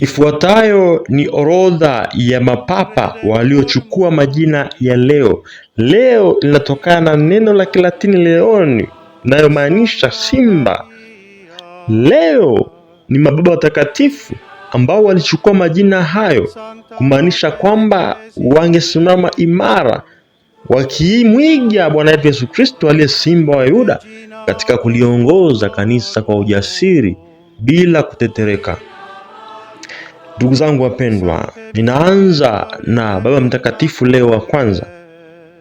Ifuatayo ni orodha ya mapapa waliochukua majina ya leo. Leo linatokana na neno la Kilatini leoni, inayomaanisha simba. Leo ni mababa watakatifu ambao walichukua majina hayo kumaanisha kwamba wangesimama imara wakimwiga Bwana wetu Yesu Kristo aliye simba wa Yuda katika kuliongoza kanisa kwa ujasiri bila kutetereka. Ndugu zangu wapendwa, ninaanza na Baba Mtakatifu Leo wa Kwanza.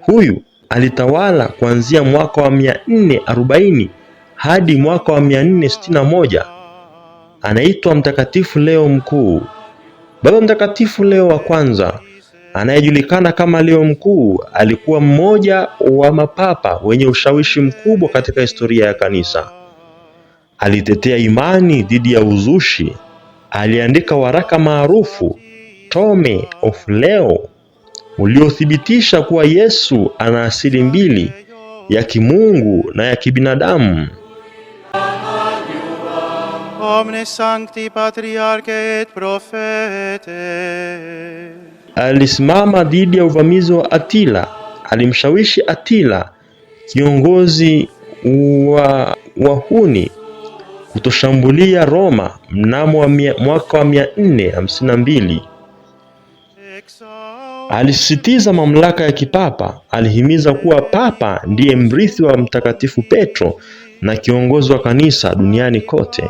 Huyu alitawala kuanzia mwaka wa 440 hadi mwaka wa 461. Anaitwa Mtakatifu Leo Mkuu. Baba Mtakatifu Leo wa Kwanza anayejulikana kama Leo Mkuu alikuwa mmoja wa mapapa wenye ushawishi mkubwa katika historia ya kanisa. Alitetea imani dhidi ya uzushi aliandika waraka maarufu Tome of Leo uliothibitisha kuwa Yesu ana asili mbili, ya kimungu na ya kibinadamu. Omne Sancti Patriarche et Prophete. Alisimama dhidi ya uvamizi wa Atila, alimshawishi Atila, kiongozi wa wahuni kutoshambulia Roma mnamo mwaka wa 452. Alisisitiza mamlaka ya kipapa, alihimiza kuwa papa ndiye mrithi wa Mtakatifu Petro na kiongozi wa kanisa duniani kote.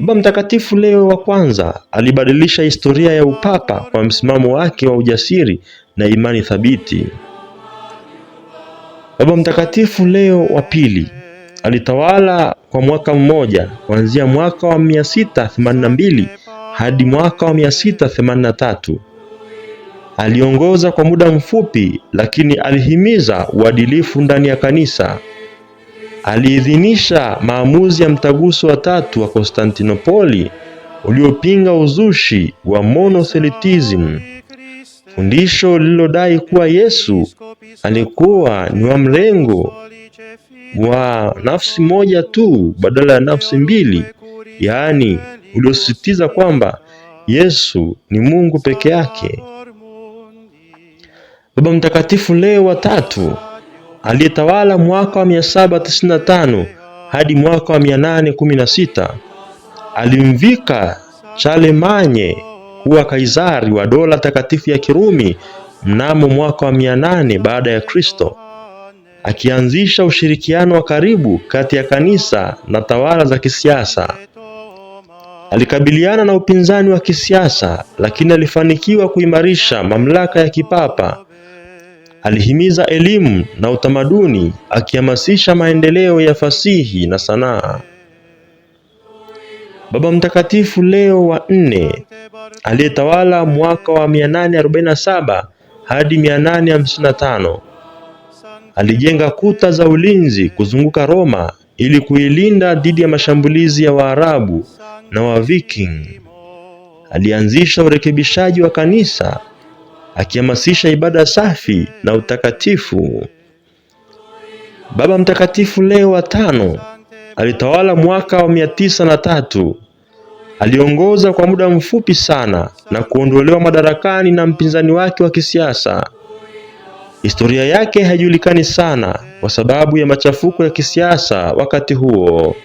Baba Mtakatifu Leo wa kwanza alibadilisha historia ya upapa kwa msimamo wake wa ujasiri na imani thabiti. Baba Mtakatifu Leo wa pili Alitawala kwa mwaka mmoja kuanzia mwaka wa 682 hadi mwaka wa 683. Aliongoza kwa muda mfupi, lakini alihimiza uadilifu ndani ya kanisa. Aliidhinisha maamuzi ya Mtaguso wa Tatu wa Konstantinopoli uliopinga uzushi wa monothelitism, fundisho lililodai kuwa Yesu alikuwa ni wa mrengo wa nafsi moja tu badala ya nafsi mbili, yaani uliosisitiza kwamba Yesu ni Mungu peke yake. Baba Mtakatifu Leo wa tatu aliyetawala mwaka wa 795 hadi mwaka wa 816 alimvika Charlemagne kuwa kaisari wa dola takatifu ya Kirumi mnamo mwaka wa 800 baada ya Kristo akianzisha ushirikiano wa karibu kati ya kanisa na tawala za kisiasa. Alikabiliana na upinzani wa kisiasa, lakini alifanikiwa kuimarisha mamlaka ya kipapa. Alihimiza elimu na utamaduni, akihamasisha maendeleo ya fasihi na sanaa. Baba Mtakatifu Leo wa nne aliyetawala mwaka wa 847 hadi 855 Alijenga kuta za ulinzi kuzunguka Roma ili kuilinda dhidi ya mashambulizi ya Waarabu na Waviking. Alianzisha urekebishaji wa kanisa akihamasisha ibada safi na utakatifu. Baba Mtakatifu Leo wa tano alitawala mwaka wa mia tisa na tatu. Aliongoza kwa muda mfupi sana na kuondolewa madarakani na mpinzani wake wa kisiasa Historia yake haijulikani sana kwa sababu ya machafuko ya kisiasa wakati huo.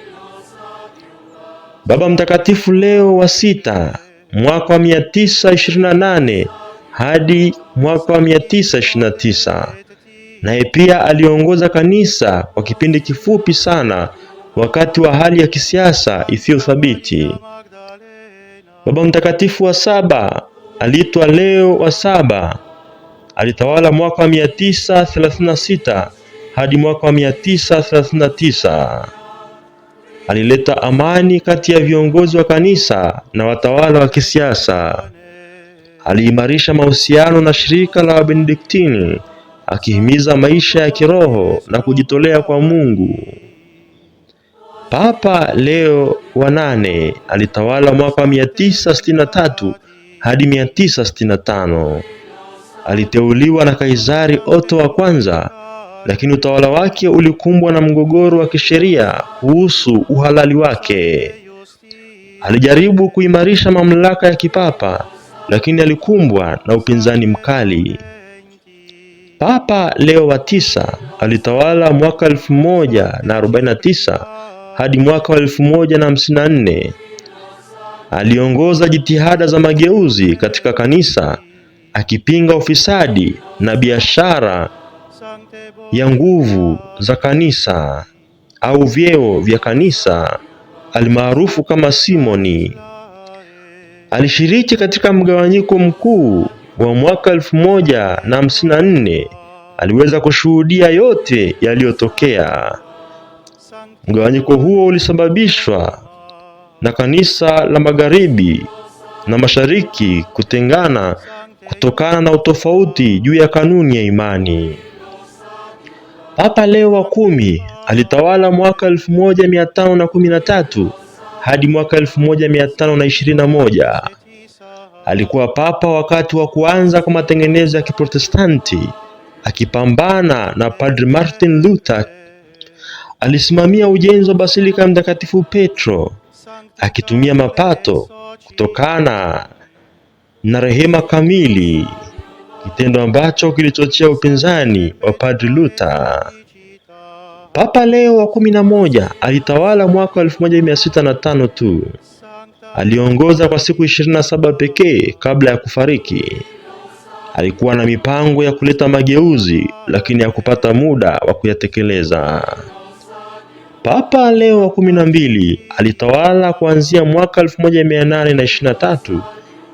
Baba Mtakatifu Leo wa Sita mwaka wa 928 hadi mwaka wa 929, naye pia aliongoza kanisa kwa kipindi kifupi sana wakati wa hali ya kisiasa isiyothabiti. Baba Mtakatifu wa Saba aliitwa Leo wa Saba Alitawala mwaka wa 936 hadi mwaka wa 939. Alileta amani kati ya viongozi wa kanisa na watawala wa kisiasa. Aliimarisha mahusiano na shirika la Wabenediktini, akihimiza maisha ya kiroho na kujitolea kwa Mungu. Papa Leo wa nane alitawala mwaka wa 963 hadi 965 aliteuliwa na Kaisari Otto wa kwanza, lakini utawala wake ulikumbwa na mgogoro wa kisheria kuhusu uhalali wake. Alijaribu kuimarisha mamlaka ya kipapa, lakini alikumbwa na upinzani mkali. Papa Leo wa tisa alitawala mwaka 1049 hadi mwaka wa 1054. Aliongoza jitihada za mageuzi katika kanisa akipinga ufisadi na biashara ya nguvu za kanisa au vyeo vya kanisa almaarufu kama simoni. Alishiriki katika mgawanyiko mkuu wa mwaka elfu moja na hamsini na nne. Aliweza kushuhudia yote yaliyotokea. Mgawanyiko huo ulisababishwa na kanisa la magharibi na mashariki kutengana kutokana na utofauti juu ya kanuni ya imani. Papa Leo wa kumi alitawala mwaka 1513 hadi mwaka 1521 Alikuwa papa wakati wa kuanza kwa matengenezo ya Kiprotestanti, akipambana na Padre Martin Luther. Alisimamia ujenzi wa basilika ya Mtakatifu Petro akitumia mapato kutokana na rehema kamili, kitendo ambacho kilichochea upinzani wa Padri Luther. Papa Leo wa kumi na moja alitawala mwaka 1605 tu. Aliongoza kwa siku 27 pekee kabla ya kufariki. Alikuwa na mipango ya kuleta mageuzi lakini hakupata muda wa kuyatekeleza. Papa Leo wa kumi na mbili alitawala kuanzia mwaka 1823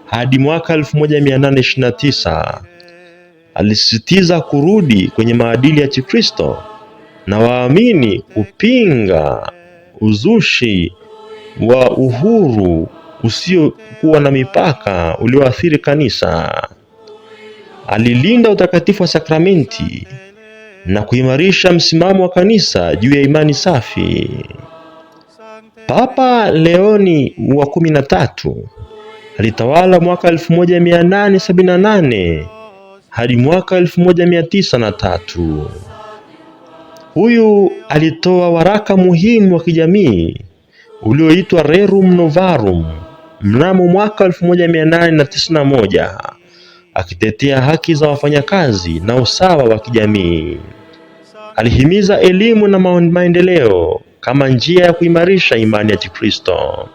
hadi mwaka 1829. Alisisitiza kurudi kwenye maadili ya Kikristo na waamini kupinga uzushi wa uhuru usiokuwa na mipaka ulioathiri kanisa. Alilinda utakatifu wa sakramenti na kuimarisha msimamo wa kanisa juu ya imani safi. Papa Leoni wa kumi na tatu Alitawala mwaka 1878 hadi mwaka 1903. Huyu alitoa waraka muhimu wa kijamii ulioitwa Rerum Novarum mnamo mwaka 1891 akitetea haki za wafanyakazi na usawa wa kijamii. Alihimiza elimu na maendeleo kama njia ya kuimarisha imani ya Kikristo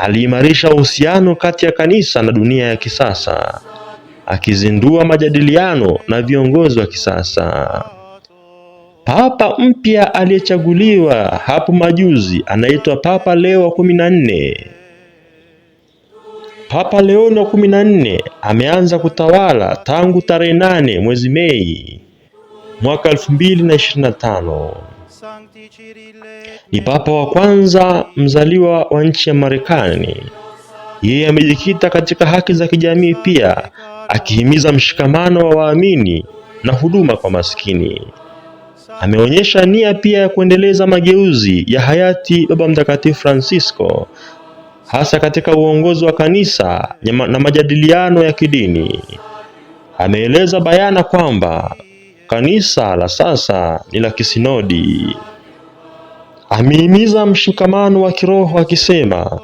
aliimarisha uhusiano kati ya kanisa na dunia ya kisasa, akizindua majadiliano na viongozi wa kisasa. Papa mpya aliyechaguliwa hapo majuzi anaitwa Papa Leo wa kumi na nne. Papa Leoni wa kumi na nne ameanza kutawala tangu tarehe nane mwezi Mei mwaka elfu mbili na ishirini na tano. Ni papa wa kwanza mzaliwa wa nchi ya Marekani. Yeye amejikita katika haki za kijamii pia, akihimiza mshikamano wa waamini na huduma kwa maskini. Ameonyesha nia pia ya kuendeleza mageuzi ya hayati Baba Mtakatifu Francisco, hasa katika uongozi wa kanisa na majadiliano ya kidini. Ameeleza bayana kwamba kanisa la sasa ni la kisinodi amehimiza mshikamano wa kiroho akisema,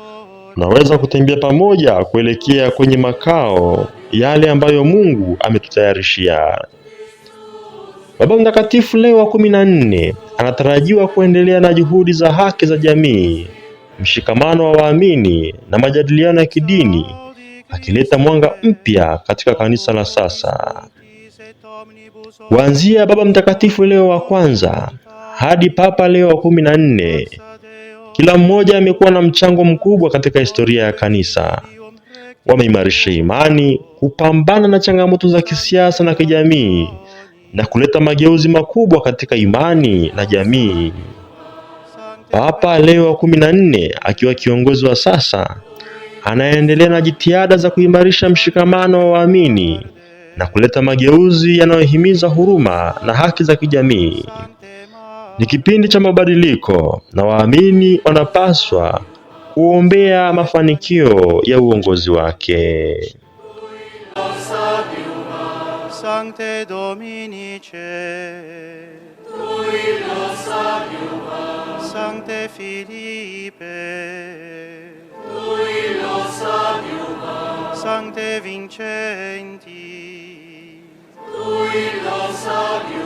tunaweza kutembea pamoja kuelekea kwenye makao yale ambayo Mungu ametutayarishia. Baba Mtakatifu Leo wa kumi na nne anatarajiwa kuendelea na juhudi za haki za jamii, mshikamano wa waamini na majadiliano ya kidini, akileta mwanga mpya katika kanisa la sasa. Kuanzia Baba Mtakatifu Leo wa kwanza hadi Papa Leo wa kumi na nne. Kila mmoja amekuwa na mchango mkubwa katika historia ya kanisa. Wameimarisha imani, kupambana na changamoto za kisiasa na kijamii na kuleta mageuzi makubwa katika imani na jamii. Papa Leo wa kumi na nne akiwa kiongozi wa sasa anaendelea na jitihada za kuimarisha mshikamano wa waamini na kuleta mageuzi yanayohimiza huruma na haki za kijamii. Ni kipindi cha mabadiliko na waamini wanapaswa kuombea mafanikio ya uongozi wake. Sancte Dominice, Sancte Filipe, Sancte Vincenti, Tu illo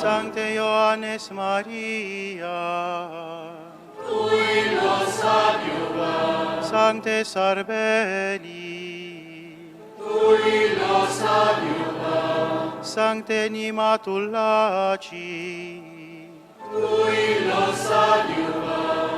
Sancte Ioanes Maria, Tu in nos adiuva. Sancte Sarbeli, Tu in nos adiuva. Sancte Nimatul Laci, Tu in nos adiuva.